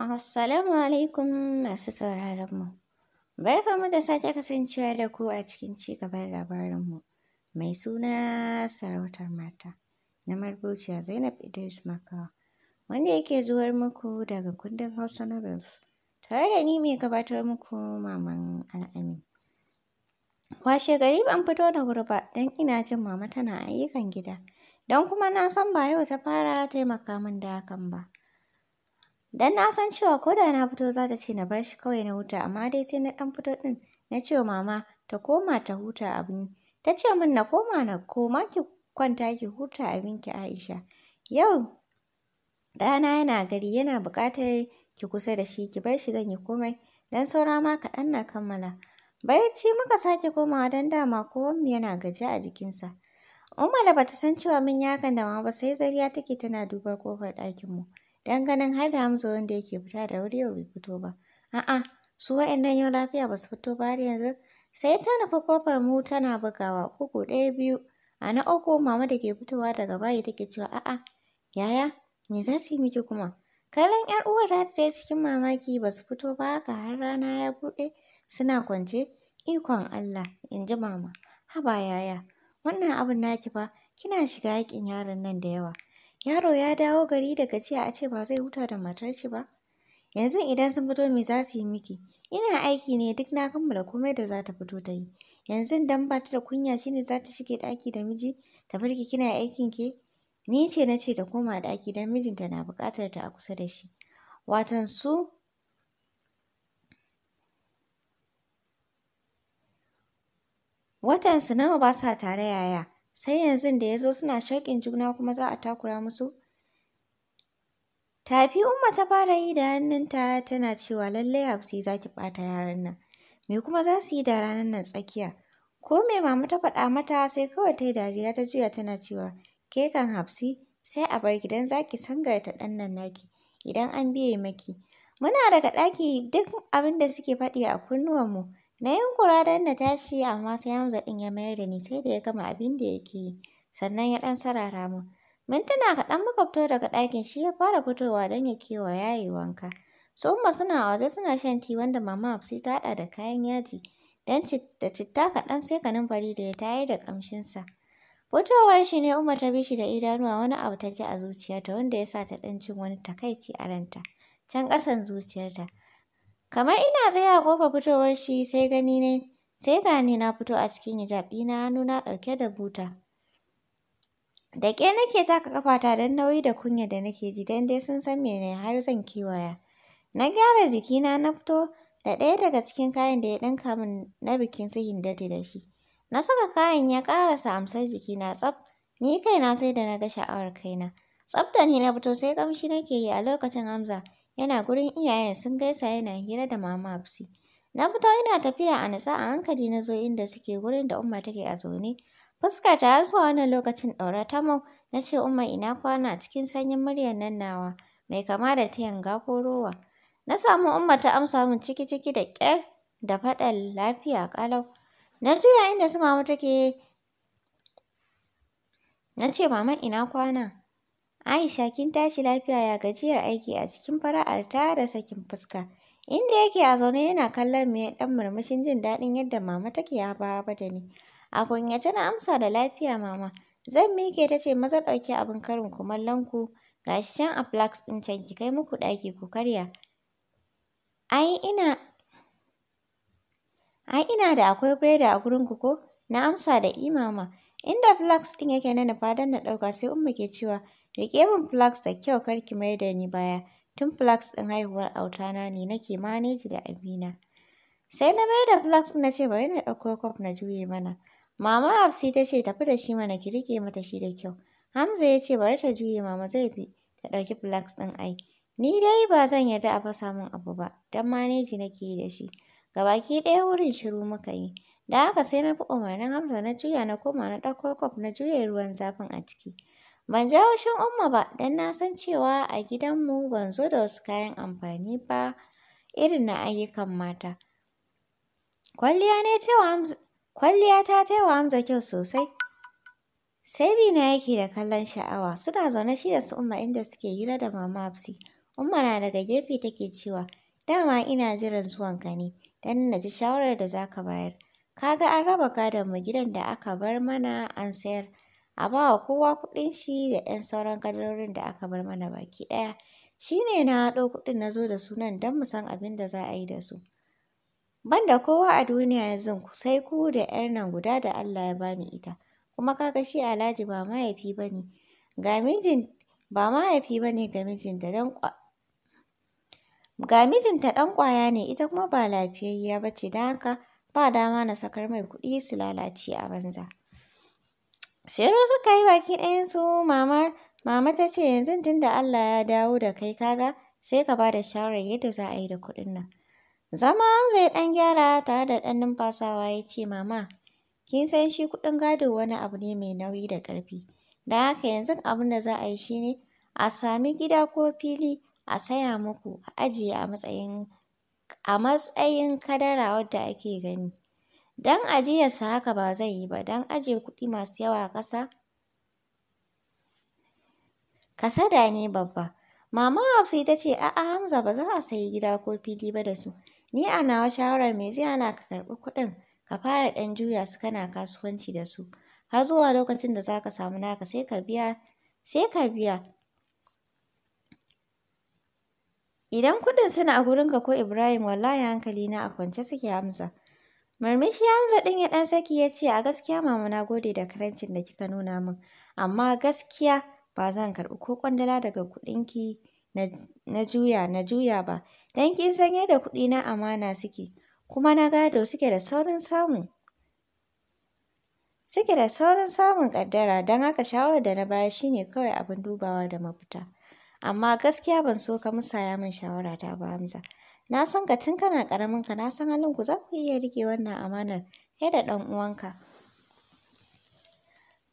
Assalamu alaikum masu mu. Barkanmu da sake kasancewa da ku a cikin ci gaban labarin mu mai suna sarautar mata na marubuciya Zainab Idris Makawa wanda yake zuwar muku daga kundin Hausa Novels tare da ni mai gabatar muku Maman Al'amin. Washe gari ban fito da wuri ba don ina jin mama tana ayyukan gida don kuma na san ba yau ta fara taimaka min da hakan ba. Dan na san cewa ko da na fito za ta ce na bar shi kawai na huta amma dai sai na ɗan fito ɗin na ce wa mama ta koma ta huta abin. Ta ce min na koma na koma ki kwanta ki huta abinki Aisha. Yau dana yana gari yana buƙatar ki kusa da shi ki bar shi zan yi komai dan saura ma kaɗan na kammala. Barci muka sake komawa dan dama kowanne yana gaji a jikinsa. Umar bata san cewa min ya hakan da mama ba sai zariya take tana dubar kofar ɗakin mu. Dan ganin har da Hamza wanda yake fita da wuri bai fito ba. A'a, su wa'annan yau lafiya ba su fito ba har yanzu. Sai ta nufi kofar mu tana bugawa uku ɗaya biyu. A na uku mama da ke fitowa daga bayi take cewa a'a, yaya, me za su yi miki kuma? Kallon ‘yar uwar ta ta cikin mamaki ba su fito ba haka har rana ya buɗe suna kwance. Ikon Allah, in ji mama. Haba yaya, wannan abin naki fa kina shiga yakin yaron nan da yawa. Yaro ya dawo gari da gajiya a ce ba zai huta da matar shi ba. Yanzu idan sun fito me za su yi miki? Ina aiki ne duk na kammala komai da za ta fito ta yi. Yanzu dan ba ta da kunya shi ne za ta shige ɗaki da miji ta farki kina aikin ke? Ni ce na ce ta koma ɗaki don mijinta na buƙatar ta a kusa da shi. Watan su Watansu nawa ba sa tare yaya, sai yanzu da ya zo suna shaƙin juna kuma za a takura musu. Tafi Umma ta fara yi da hannunta tana cewa lallai Hafsi za ki ɓata yaran nan. Me kuma za su yi da ranar nan tsakiya? Ko me mama ta faɗa mata sai kawai ta yi dariya ta juya tana cewa ke kan Hafsi sai a bar gidan za ki sangarta ɗan nan naki idan an biye maki. Muna daga ɗaki duk abin da suke faɗi a kunnuwan mu. Na yunkura don na tashi amma sai Hamza ɗin ya mayar da ni sai da ya gama abin da yake yi. Sannan ya ɗan sarara mu Mintuna kaɗan muka fito daga ɗakin shi ya fara fitowa don ya kewa yayi wanka. Su Umma suna waje suna shan ti wanda Mama Hafsi ta haɗa da kayan yaji. Dan da citta kaɗan sai kanumfari da ya tayar da sa Fitowar shi ne Umma ta bi shi da idanuwa wani abu ta ji a zuciyarta wanda ya sa ta ɗan jin wani takaici a ranta. Can ƙasan zuciyarta. Kamar ina tsaye a kofa fitowar shi sai gani ne, sai gani na fito a cikin hijab ɗina hannuna ɗauke da buta. Da ke nake taka ƙafata don nauyi da kunya da nake ji don dai sun san mene har zan kewaya. Na gyara jikina na fito da ɗaya daga cikin kayan da ya ɗinka min na bikin su Hindati da shi. Na saka kayan ya ƙarasa amsar jikina tsaf, ni kaina sai da na ga sha'awar kaina. Tsaf da ni na fito sai ƙamshi nake yi a lokacin Hamza Yana gurin iyayen sun gaisa yana hira da Mama Hafsi. Na fito ina tafiya a natsa a hankali na zo inda suke gurin da Umma take a zaune. Fuskar ta zuwa wannan lokacin ɗaura ta mau. Na ce Umma ina kwana cikin sanyin muryar nan nawa mai kama da ta yanga ko rowa. Na samu Umma ta amsa min ciki ciki da kyar da faɗan lafiya ƙalau. Na juya inda su mama take na ce mama ina kwana. Aisha kin tashi lafiya ya gajiyar aiki a cikin fara'ar ta da sakin fuska. Inda yake a zaune yana kallon mai ɗan murmushin jin daɗin yadda mama take ya ba da ni. A kunyace na amsa da lafiya mama. Zan miƙe ta ce maza ɗauki abin karin kumallon ku gashi can a flax ɗin can ki kai muku ɗaki ku karya. Ai ina Ai ina da akwai biredi a gurin ku ko? Na amsa da imama. Inda flax ɗin yake na nufa don na ɗauka sai Umma ke cewa Rike min flaks da kyau kar ki mai da ni baya. Tun flaks ɗin haihuwar auta na ne nake maneji da abina. Sai na mai da flask na ce bari na ɗauko kwaf na juye mana. Mama Hafsi ta ce tafi da shi mana ki riƙe mata shi da kyau. Hamza ya ce bari ta juye mama zai fi ta ɗauki flaks ɗin ai. Ni dai ba zan yarda a fasa min abu ba don maneji nake da shi. Gabaki ɗaya wurin shiru muka yi. Da haka sai na fi umarnin Hamza na juya na koma na ɗauko kwaf na juya ruwan zafin a ciki. Ban ja haushin Umma ba don na san cewa a gidanmu ban zo da wasu kayan amfani ba irin na ayyukan mata. Kwalliya ta taiwa Hamza kyau sosai. Sai bina yake da kallon sha'awa suna zaune shi da su Umma inda suke hira da Mama Hafsi. Umma na daga gefe take cewa dama ina jiran zuwanka ne don na ji shawarar da za ka bayar. Ka ga an raba gadonmu gidan da aka bar mana an sayar. a ba wa kowa kuɗin shi da 'yan sauran kadarorin da aka bar mana baki ɗaya. Shi ne na haɗo kuɗin na zo da sunan don mu san abin da za a yi da su. Banda kowa a duniya yanzu sai ku da 'yar nan guda da Allah ya bani ita. Kuma kaga shi Alhaji ba mahaifi ba ne ga mijin ba mahaifi ba ne ga mijinta don ga mijinta ɗan ƙwaya ne ita kuma ba lafiyayya ba ce don haka ba dama na sakar mai kuɗi su lalace a banza. Shiru suka yi baki ɗayansu, mama, mama ta ce yanzu tun da Allah ya dawo da kai kaga sai ka ba da shawarar yadda za a yi da kuɗin nan. Zama zai ɗan gyara tare da ɗan numfasawa ya ce mama, kin san shi kuɗin gado wani abu ne mai nauyi da ƙarfi. Da haka yanzu abin da za a yi shi ne a sami gida ko fili a saya muku a ajiye a matsayin a matsayin kadara wadda ake gani. Don ajiyarsa haka ba zai yi ba, don ajiye kuɗi masu yawa kasa ƙasa kasada ne babba. Mama Hafsu ita ce, a'a Hamza ba za a sayi gida ko fili ba da su. Ni a nawa shawarar me zai hana ka karɓi kuɗin ka fara ɗan juya su kana kasuwanci da su. Har zuwa lokacin da za ka samu naka sai ka biya. Sai ka biya. Idan kuɗin suna a gurinka ko Ibrahim wallahi hankali na a kwance suke Hamza. Murmushi Hamza ɗin ya ɗan saki ya ce, A gaskiya mama na gode da karancin da kika nuna min, amma gaskiya ba zan karɓi ko ƙwandala daga kuɗinki na juya na juya ba, don kin san yadda kuɗi na amana suke, kuma na gado suke da saurin samu. Suke da saurin samun ƙaddara, don haka shawarar da na bayar shine kawai abin dubawa da mafita. Amma gaskiya ban so ka musaya min shawara ta ba Hamza. Na san ka tun kana ƙaramin ka na san halin ku za ku iya rike wannan amanar kai da ɗan uwanka.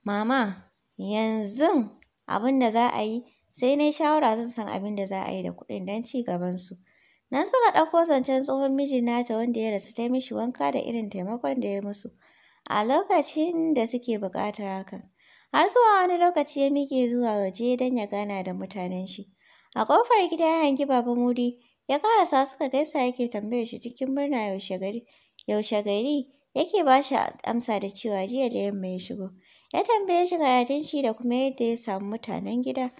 Mama, yanzu abin da za a yi sai na shawara zan san abin da za a yi da kuɗin don ci gaban su. Nan suka ɗauko zancen tsohon mijin nata wanda ya rasu ta mishi wanka da irin taimakon da ya musu a lokacin da suke buƙatar hakan. Har zuwa wani lokaci ya miƙe zuwa waje don ya gana da mutanen shi. A ƙofar gida ya hangi Baba Mudi Ya karasa suka gaisa yake tambayar shi cikin murna yaushe gari. Yaushe gari yake ba shi amsa da cewa jiya da yamma ya shigo. Ya tambaye shi karatun shi da kuma yadda ya samu mutanen gida.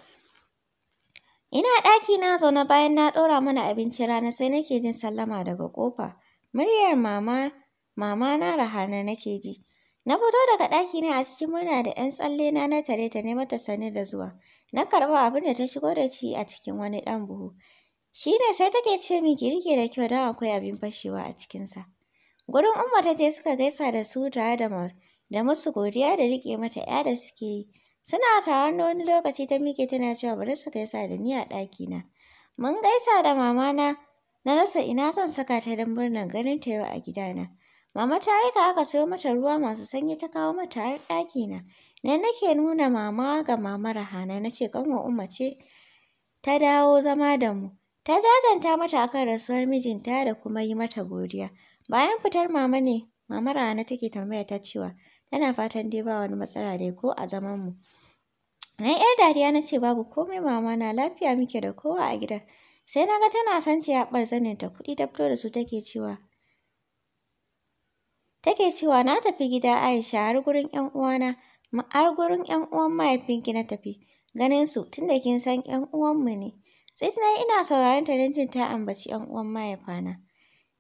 Ina ɗaki na zaune bayan na ɗora mana abincin rana sai nake jin sallama daga ƙofa. Muryar mama, mama na rahana nake ji. Na fito daga ɗaki na a cikin murna da ‘yan tsalle na na tare ta ne mata sani da zuwa. Na karɓi abin da ta shigo da shi a cikin wani ɗan buhu. Shi ne sai take ce miki girki da kyau don akwai abin fashewa a cikinsa. Gurin Umma ta je suka gaisa da su tare da da musu godiya da riƙe mata ‘ya da suke yi. Suna tawar na wani lokaci ta mike tana cewa bari su gaisa da ni a ɗakina. Mun gaisa da mamana na rasa ina zan saka ta don murnar ganin ta yau a gidana. Mama ta ka aka sayo mata ruwa masu sanyi ta kawo mata har ɗakina. Na nake nuna mama ga mama Rahana na ce ƙanwar Umma ce ta dawo zama da mu. Ta jajanta mata akan rasuwar mijinta da kuma yi mata godiya. Bayan fitar mama ne, mama Rana take tambaya ta cewa tana fatan dai ba wani matsala dai ko a zaman mu. Na yar dariya na ce babu komai mama na lafiya muke da kowa a gida. Sai na ga tana son ciya zanin ta kuɗi ta fito da su take cewa take cewa na tafi gida Aisha har gurin ƴan uwana har gurin ƴan uwan mahaifinki na tafi ganin su tunda kin san ƴan uwanmu ne. Sai ina sauraron ta don jin ta ambaci ‘yan uwan mahaifana.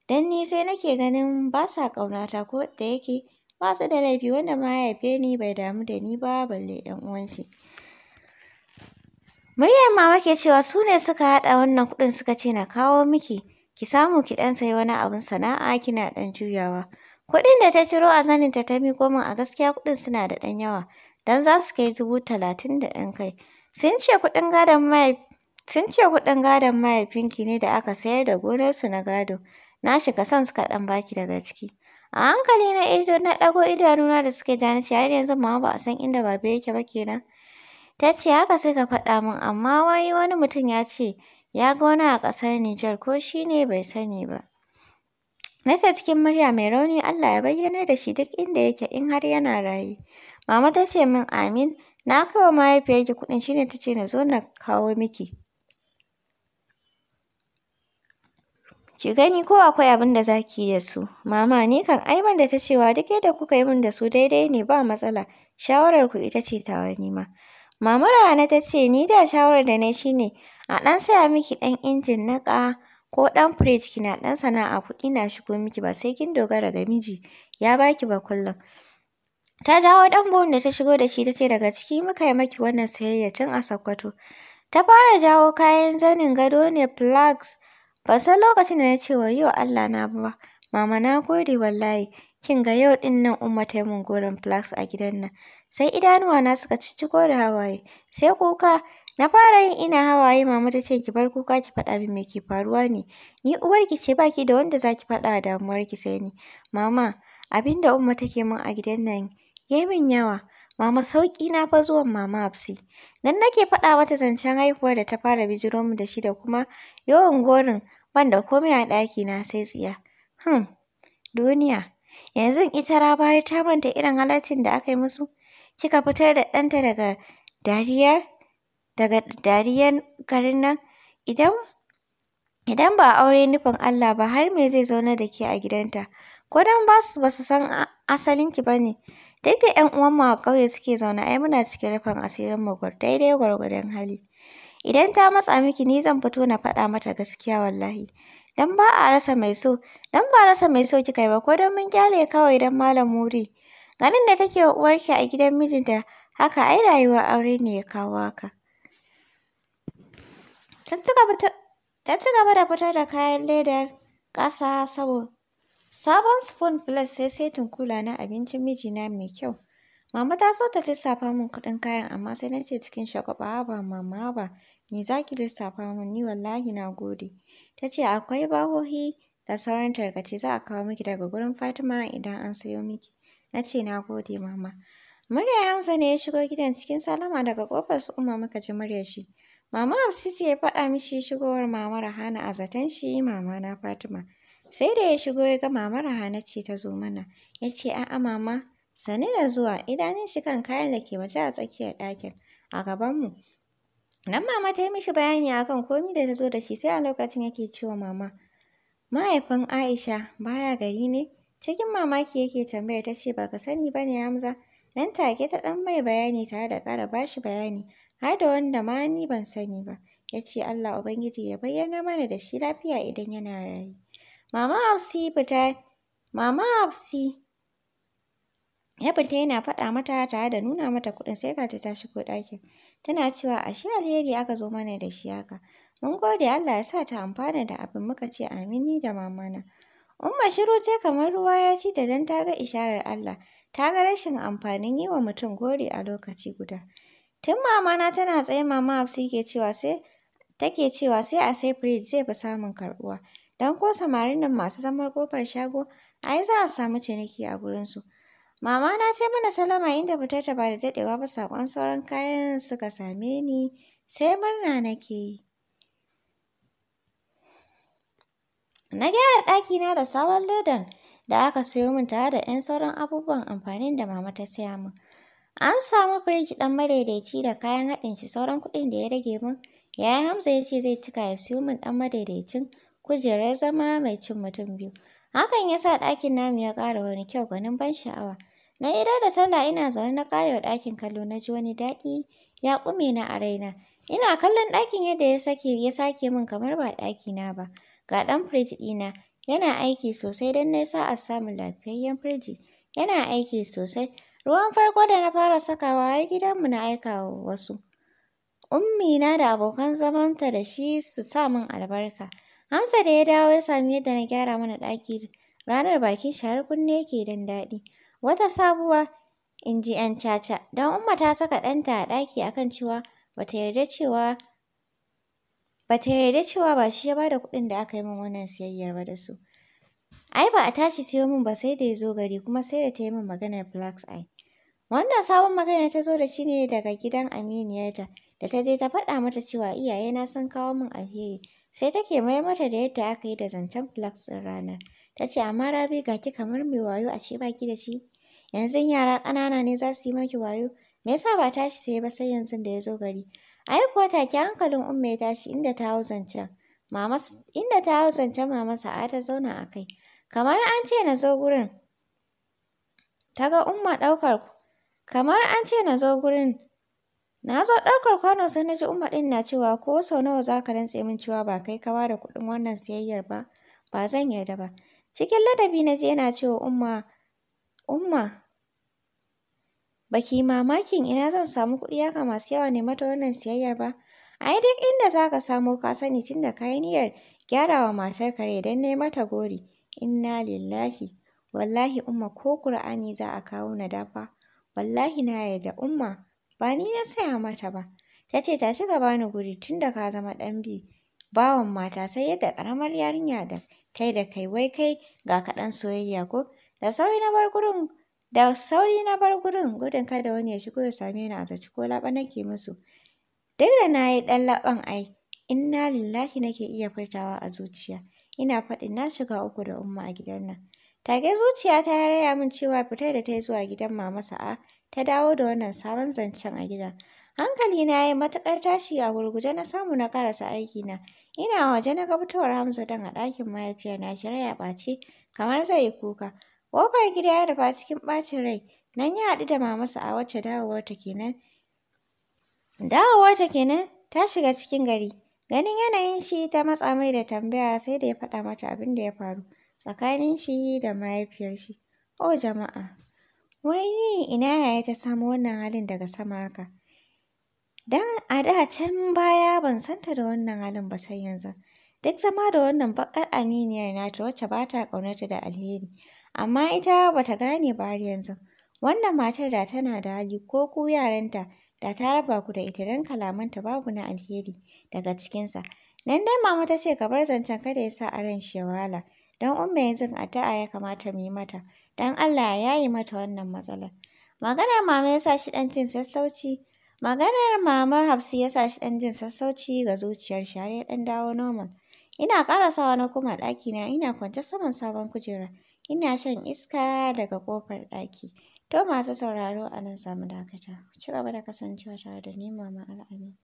Dan ni sai nake ganin ba sa kaunata ko da yake ba su da laifi wanda mahaifiyar ni bai damu da ni ba balle ‘yan uwan shi. Muryar mama ke cewa su ne suka haɗa wannan kuɗin suka ce na kawo miki, ki samu ki dan sayi wani abun sana'a kina ɗan juyawa. Kuɗin da ta ciro a zanin ta miko min a gaskiya kuɗin suna da ɗan yawa, dan za su kai dubu talatin da yan kai. Sun ce kuɗin gadon Sun ce kuɗin gadon mahaifinki ne da aka sayar da gonarsu na gado. Na shiga son suka kaɗan baki daga ciki. A hankali na ido na ɗago idanuna da suke jani ce har yanzu ma ba a san inda baba yake ba kenan. Ta ce haka ka faɗa min amma wai wani mutum ya ce ya ga wani a ƙasar Nijar ko shi ne bai sani ba. Na ce cikin murya mai rauni Allah ya bayyana da shi duk inda yake in har yana raye. Mama ta ce min amin na kawo mahaifiyarki kuɗin shine ta ce na zo na kawo miki. Ki gani ko akwai abin da zaki yi da su. Mama ni kan ai ban da ta cewa duk yadda kuka yi min da su daidai ne ba matsala. Shawarar ku ita ce tawa ni ma. Mama rana ta ce ni da shawarar da na shi ne a ɗan saya miki ɗan injin na ka ko ɗan firij kina ɗan sana'a kuɗi na shigo miki ba sai kin dogara ga miji ya baki ba kullum. Ta jawo ɗan buhun da ta shigo da shi tace daga ciki muka yi maki wannan sayayya tun a Sokoto. Ta fara jawo kayan zanin gado ne flags Ban san lokacin da na ce wa yau Allah na ba. Mama na gode wallahi. Kin ga yau din nan Umma ta yi min goron flax a gidan nan. Sai idanuwa na suka cicciko da hawaye. Sai kuka. Na fara yin ina hawaye mama ta ce ki bar kuka ki faɗa min me ke faruwa ne. Ni uwarki ce baki da wanda za ki faɗa damuwarki sai ni. Mama abin da Umma take min a gidan nan ya min yawa. Mama sauki na fa zuwan Mama Hafsi. Nan nake faɗa mata zancen haihuwar da ta fara bijiro mu da shi da kuma yawan gorin wanda komai a ɗakina sai tsiya. Hmm, duniya, yanzu ita Rabawa ta manta irin halaccin da aka yi musu, kika fitar da ɗanta daga dariyar daga dariyar garin nan, idan idan ba aure nufin Allah ba har me zai zauna da ke a gidanta, ko don ba su san asalinki ba ne. Daidai ƴan ‘yan uwanmu a ƙauye suke zauna, ai muna cikin rufin asirin mu daidai gwargwadon hali. Idan ta matsa miki ni zan fito na faɗa mata gaskiya wallahi. Dan ba a rasa mai so, dan ba rasa mai so kika yi ba ko dan mun kyale kawai dan malam muri. Ganin da take uwarki a gidan mijinta haka ai rayuwar aure ne ya kawo haka. Ta ci gaba da fitar da kayan ledar ƙasa sabo Sabon spoon plus sai setin kula na abincin mijina mai kyau. Mama ta so ta lissafa min kuɗin kayan amma sai na ce cikin shagwaba ba mama ba Me za ki lissafa min? Ni wallahi na gode. Ta ce akwai bahohi da sauran tarkace za a kawo miki daga gurin Fatima idan an sayo miki. Na ce na gode mama. Murya Hamza ne ya shigo gidan cikin salama daga kofar su Umma muka ji murya shi. Mama Hafsi ce ya faɗa mishi shigowar Mama Rahana a zaton shi Mama na Fatima. Sai da ya shigo ya ga Mama Rahana ce ta zo mana. Ya ce a'a Mama, sani da zuwa idanun shi kan kayan da ke waje a tsakiyar ɗakin a gabanmu. Nan mama ta yi mishi bayani akan komi da ta zo da shi sai a lokacin yake cewa mama. Mahaifin Aisha baya gari ne? Cikin mamaki yake tambaya ta ce baka sani ba ne Hamza. Nan take ta dan mai bayani tare da ƙara bashi bayani har da wanda ma ni ban sani ba. Ya ce Allah Ubangiji ya bayyana mana da shi lafiya idan yana rayu. Mama Hafsi fita Mama Hafsi ya fita yana faɗa mata tare da nuna mata kuɗin sai ka ta ko ɗakin. tana cewa ashe alheri aka zo mana da shi haka. Mun gode Allah ya sa ta amfana da abin muka ce amini da mamana. Umma shiru ce kamar ruwa ya ci da dan ta ga isharar Allah, ta ga rashin amfanin yi wa mutum gori a lokaci guda. Tun mamana tana tsaye mama Hafsi ke cewa sai take cewa sai a sai firij zai fi samun karbuwa, dan ko samarin nan masu zamar kofar shago, ai za a samu ciniki a gurinsu. Mama na ta mana salama inda fitar ta ba da daɗewa ba sakon sauran kayan suka same ni sai murna nake yi. Na gyara na da sabon ledan da aka sayo min tare da 'yan sauran abubuwan amfanin da mama ta saya min. An samu firiji ɗan madaidaici da kayan haɗin shi sauran kuɗin da ya rage min. yaya Hamza ya ce zai cika ya siyo min ɗan madaidaicin kujerar zama mai cin mutum biyu. Hakan ya sa ɗakin namu ya ƙara wani kyau ganin ban sha'awa. Na yi da sallah ina zaune na ƙare wa ɗakin kallo na ji wani daɗi ya ƙume na a raina. Ina kallon ɗakin yadda ya sake ya sake min kamar ba ɗaki na ba. Ga ɗan firij ɗina yana aiki sosai don na sa a samu lafiyayyen firiji Yana aiki sosai. Ruwan farko da na fara sakawa har gidanmu na aika wa wasu. Ummina da abokan zamanta da shi su sa min albarka. hamsa da ya dawo ya sami yadda na gyara mana ɗaki ranar bakin shahar kunne yake dan daɗi. Wata sabuwa in ji ‘yan caca don Umma ta saka ɗanta a ɗaki akan cewa bata yarda cewa bata yarda cewa ba shi ya bada kuɗin da aka yi min wannan siyayyar ba da su. Ai ba a tashi siyo min ba sai da ya zo gari kuma sai da ta yi min maganar flax Eye. Wannan sabon maganar ta zo da shi ne daga gidan aminiyarta da ta je ta faɗa mata cewa iyayena sun kawo min alheri sai take mayar mata da yadda aka yi da zancen flax ɗin ranar ta ce amma rabi ga ki kamar mai wayo ashe baki da shi yanzu yara ƙanana ne za su yi maki wayo me yasa ba tashi sai ba sai yanzu da ya zo gari ai kuwa take hankalin umma ya tashi inda ta hau zancen mama inda ta hau zancen mama sa'a ta zauna a kai kamar an ce na zo gurin ta ga umma ɗaukar kamar an ce na zo gurin Na zo ɗaukar kwano sai na ji Umma ɗin na cewa ko sau nawa za ka rantse min cewa ba kai kawa da kuɗin wannan siyayyar ba, ba zan yarda ba. Cikin ladabi na je yana cewa Umma, Umma, ba mamakin ina zan samu kuɗi haka masu yawa ne mata wannan siyayyar ba? Ai duk inda za ka samo ka sani tun da ka yi niyyar gyarawa matar kare don ne mata gori. Inna lillahi, wallahi Umma ko Kur'ani za a kawo na dafa, wallahi na yarda Umma. ba ni na saya mata ba. Ta ce tashi ka bani guri tun da ka zama ɗan bi bawan mata sai yadda ƙaramar yarinya da kai da kai wai kai ga kaɗan soyayya ko da sauri na bar gurin da sauri na bar gurin gudun kada wani ya shigo ya same ni a zaci ko laɓa nake musu duk da na yi ɗan laɓan ai inna lillahi nake iya furtawa a zuciya ina faɗin na shiga uku da umma a gidan nan take zuciya ta raya min cewa fitar da ta yi zuwa gidan mama sa'a ta dawo da wannan sabon zancen a gida. Hankali na ya yi matuƙar tashi a gurguje na samu na karasa na Ina waje na ga mutuwar Hamza dan a ɗakin mahaifiyar na shirya ya ɓace kamar zai yi kuka. Ƙofar gida ya nufa cikin ɓacin rai. Nan ya haɗu da mamasa a wacce ta kenan. ta kenan ta shiga cikin gari. Ganin yanayin shi ta matsa mai da tambaya sai da ya faɗa mata abin da ya faru tsakanin shi da mahaifiyar shi. O jama'a! Wai ni ina yaya ta samu wannan halin daga sama haka? Dan a da can baya ban santa da wannan halin ba sai yanzu. Duk zama da wannan bakar aminiyar nata wacce ba ta kaunata da alheri. Amma ita ba ta gane ba har yanzu. Wannan matar da tana da hali ko ku yaranta da ta raba ku da ita don kalamanta babu na alheri daga cikinsa. Nan dai mama ta ce ka bar zancen kada ya sa a ran shi ya wahala. don Umma yanzu addu'a ya kamata mu yi mata, don Allah ya yi mata wannan matsalar. Maganar mama ya sa shi ɗan jin sassauci. Maganar mama Hafsi ya sa shi ɗan jin sassauci ga zuciyar shi har ya ɗan dawo normal. Ina sawa na koma na ina kwance saman sabon kujera. Ina shan iska daga kofar ɗaki. To masu sauraro a nan samu dakata. ci gaba da kasancewa tare da ni Mama Al'amin.